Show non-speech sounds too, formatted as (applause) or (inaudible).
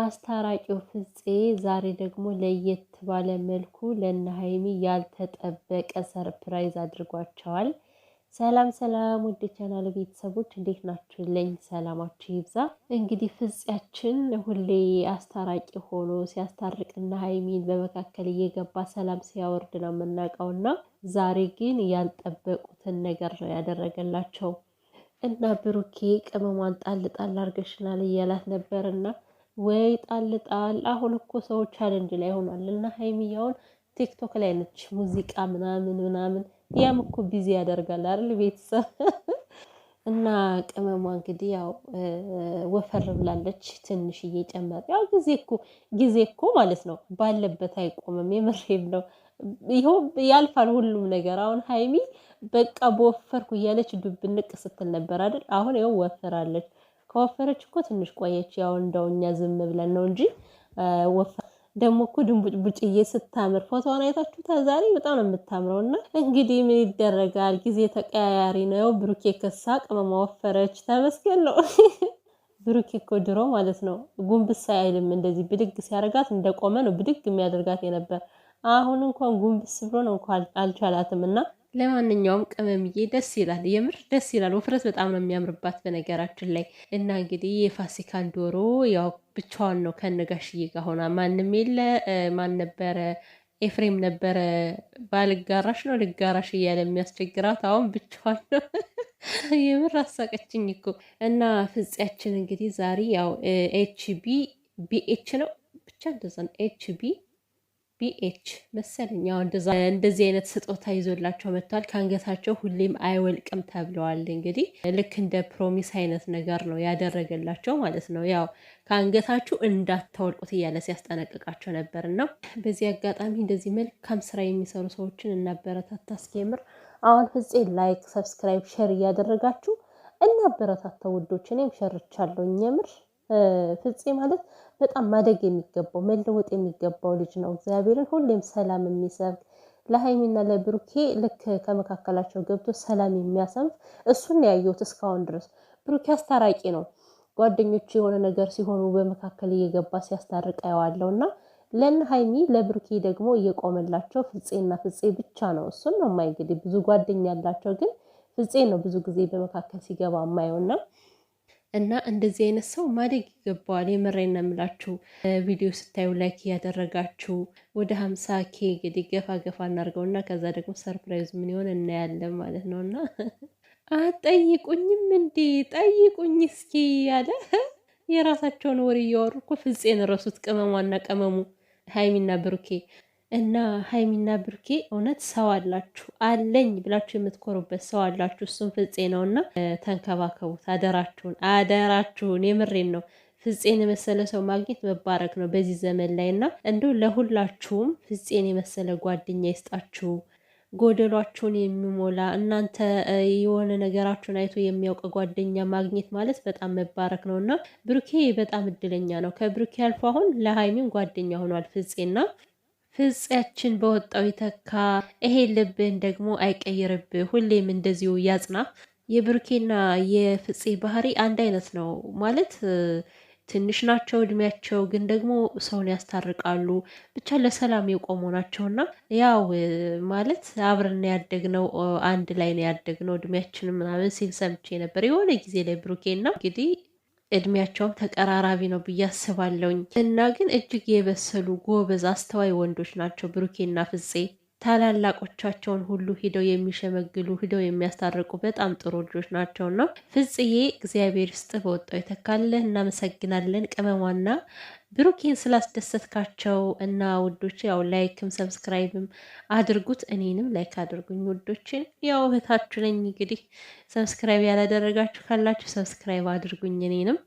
አስታራቂው ፍፄ ዛሬ ደግሞ ለየት ባለ መልኩ ለእነ ሀይሚ ያልተጠበቀ ሰርፕራይዝ አድርጓቸዋል። ሰላም ሰላም፣ ወደ ቻናል ቤተሰቦች እንዴት ናችሁልኝ? ሰላማችሁ ይብዛ። እንግዲህ ፍፄያችን ሁሌ አስታራቂ ሆኖ ሲያስታርቅ እና ሀይሚን በመካከል እየገባ ሰላም ሲያወርድ ነው የምናውቀው የምናውቀውና ዛሬ ግን ያልጠበቁትን ነገር ነው ያደረገላቸው እና ብሩኬ ቅመሟን ጣል ጣል አድርገሽናል እያላት ነበር እና ወይ ጣል ጣል። አሁን እኮ ሰው ቻለንጅ ላይ ሆኗል እና ሀይሚያውን ቲክቶክ ላይ ነች ሙዚቃ ምናምን ምናምን፣ ያም እኮ ቢዚ ያደርጋል አይደል ቤተሰብ (laughs) እና ቅመሟ እንግዲህ ያው ወፈር ብላለች ትንሽ እየጨመረ ያው ጊዜ እኮ ጊዜ እኮ ማለት ነው ባለበት አይቆምም። የምሬም ነው። ይኸው ያልፋል ሁሉም ነገር። አሁን ሀይሚ በቃ በወፈርኩ እያለች ዱብንቅ ስትል ነበር አይደል? አሁን ይኸው ወፈራለች። ከወፈረች እኮ ትንሽ ቆየች። ያው እንደው እኛ ዝም ብለን ነው እንጂ ደግሞ እኮ ድንቡጭቡጭዬ ስታምር ፎቶዋን አይታችሁታ። ዛሬ በጣም ነው የምታምረው። እና እንግዲህ ምን ይደረጋል፣ ጊዜ ተቀያያሪ ነው። ብሩኬ ከሳ ቅመማ ወፈረች፣ ተመስገን ነው። (laughs) ብሩኬ እኮ ድሮ ማለት ነው ጉንብስ አይልም። እንደዚህ ብድግ ሲያደርጋት እንደቆመ ነው ብድግ የሚያደርጋት የነበር። አሁን እንኳን ጉንብስ ነው እንኳ አልቻላትም እና ለማንኛውም ቅመምዬ ደስ ይላል፣ የምር ደስ ይላል። ወፍረት በጣም ነው የሚያምርባት በነገራችን ላይ እና እንግዲህ የፋሲካን ዶሮ ያው ብቻዋን ነው ከነጋሽዬ ጋር ሆና ማንም የለ ማን ነበረ ኤፍሬም ነበረ ባልጋራሽ ነው ልጋራሽ እያለ የሚያስቸግራት አሁን ብቻዋን ነው። (laughs) የምር አሳቀችኝ እኮ እና ፍጽያችን እንግዲህ ዛሬ ያው ኤችቢ ቢኤች ነው ብቻ እንደዛ ነው ኤችቢ ቢኤች መሰለኝ እንደዚህ አይነት ስጦታ ይዞላቸው መጥቷል። ከአንገታቸው ሁሌም አይወልቅም ተብለዋል። እንግዲህ ልክ እንደ ፕሮሚስ አይነት ነገር ነው ያደረገላቸው ማለት ነው። ያው ከአንገታችሁ እንዳታወልቁት እያለ ሲያስጠነቅቃቸው ነበር እና በዚህ አጋጣሚ እንደዚህ መልካም ስራ የሚሰሩ ሰዎችን እናበረታታ። እስኪምር አሁን ፍፄ ላይክ፣ ሰብስክራይብ፣ ሼር እያደረጋችሁ እናበረታታ ውዶች። እኔም ሸርቻለሁ የምር ፍፄ ማለት በጣም ማደግ የሚገባው መለወጥ የሚገባው ልጅ ነው። እግዚአብሔርን ሁሌም ሰላም የሚሰብክ ለሀይሚና ለብሩኬ ልክ ከመካከላቸው ገብቶ ሰላም የሚያሰንፍ እሱን ያየሁት እስካሁን ድረስ። ብሩኬ አስታራቂ ነው። ጓደኞቹ የሆነ ነገር ሲሆኑ በመካከል እየገባ ሲያስታርቅ ያዋለው እና ለእነ ሀይሚ ለብሩኬ ደግሞ እየቆመላቸው ፍፄና ፍፄ ብቻ ነው። እሱን ነው የማይግድ ብዙ ጓደኛ ያላቸው ግን ፍፄ ነው ብዙ ጊዜ በመካከል ሲገባ ማየውና እና እንደዚህ አይነት ሰው ማደግ ይገባዋል። የምሬን ነው የምላችሁ። ቪዲዮ ስታዩ ላይክ እያደረጋችሁ ወደ ሀምሳ ኬ እንግዲህ ገፋ ገፋ እናድርገው እና ከዛ ደግሞ ሰርፕራይዝ ምን ይሆን እናያለን ማለት ነው። እና አጠይቁኝም እንዴ ጠይቁኝ እስኪ እያለ የራሳቸውን ወሬ እያወሩ እኮ ፍፄን ረሱት። ቅመሟና ቅመሙ ሀይሚና ብሩኬ እና ሀይሚና ብሩኬ እውነት ሰው አላችሁ አለኝ ብላችሁ የምትኮሩበት ሰው አላችሁ። እሱም ፍፄ ነው እና ተንከባከቡት፣ አደራችሁን አደራችሁን። የምሬን ነው። ፍፄን የመሰለ ሰው ማግኘት መባረክ ነው በዚህ ዘመን ላይ እና እንዲሁ ለሁላችሁም ፍፄን የመሰለ ጓደኛ ይስጣችሁ ጎደሏችሁን የሚሞላ እናንተ የሆነ ነገራችሁን አይቶ የሚያውቅ ጓደኛ ማግኘት ማለት በጣም መባረክ ነው እና ብሩኬ በጣም እድለኛ ነው። ከብሩኬ አልፎ አሁን ለሀይሚም ጓደኛ ሆኗል ፍፄና ፍፄያችን በወጣው ይተካ። ይሄ ልብህን ደግሞ አይቀይርብ፣ ሁሌም እንደዚሁ ያጽና። የብሩኬና የፍፄ ባህሪ አንድ አይነት ነው ማለት ትንሽ ናቸው እድሜያቸው፣ ግን ደግሞ ሰውን ያስታርቃሉ። ብቻ ለሰላም የቆሙ ናቸውና ያው ማለት አብረን ያደግነው አንድ ላይ ነው ያደግነው እድሜያችን ምናምን ሲል ሰምቼ ነበር የሆነ ጊዜ ላይ ብሩኬና እንግዲህ እድሜያቸውም ተቀራራቢ ነው ብዬ አስባለሁኝ እና ግን እጅግ የበሰሉ ጎበዝ አስተዋይ ወንዶች ናቸው ብሩኬና ፍፄ። ታላላቆቻቸውን ሁሉ ሂደው የሚሸመግሉ ሂደው የሚያስታርቁ በጣም ጥሩ ልጆች ናቸውና፣ ፍጽዬ እግዚአብሔር ስጥ በወጣው የተካለ እናመሰግናለን። ቅመሟና ብሩኬን ስላስደሰትካቸው እና ውዶች ያው ላይክም ሰብስክራይብም አድርጉት። እኔንም ላይክ አድርጉኝ ውዶችን። ያው እህታችሁ ነኝ እንግዲህ ሰብስክራይብ ያላደረጋችሁ ካላችሁ ሰብስክራይብ አድርጉኝ እኔንም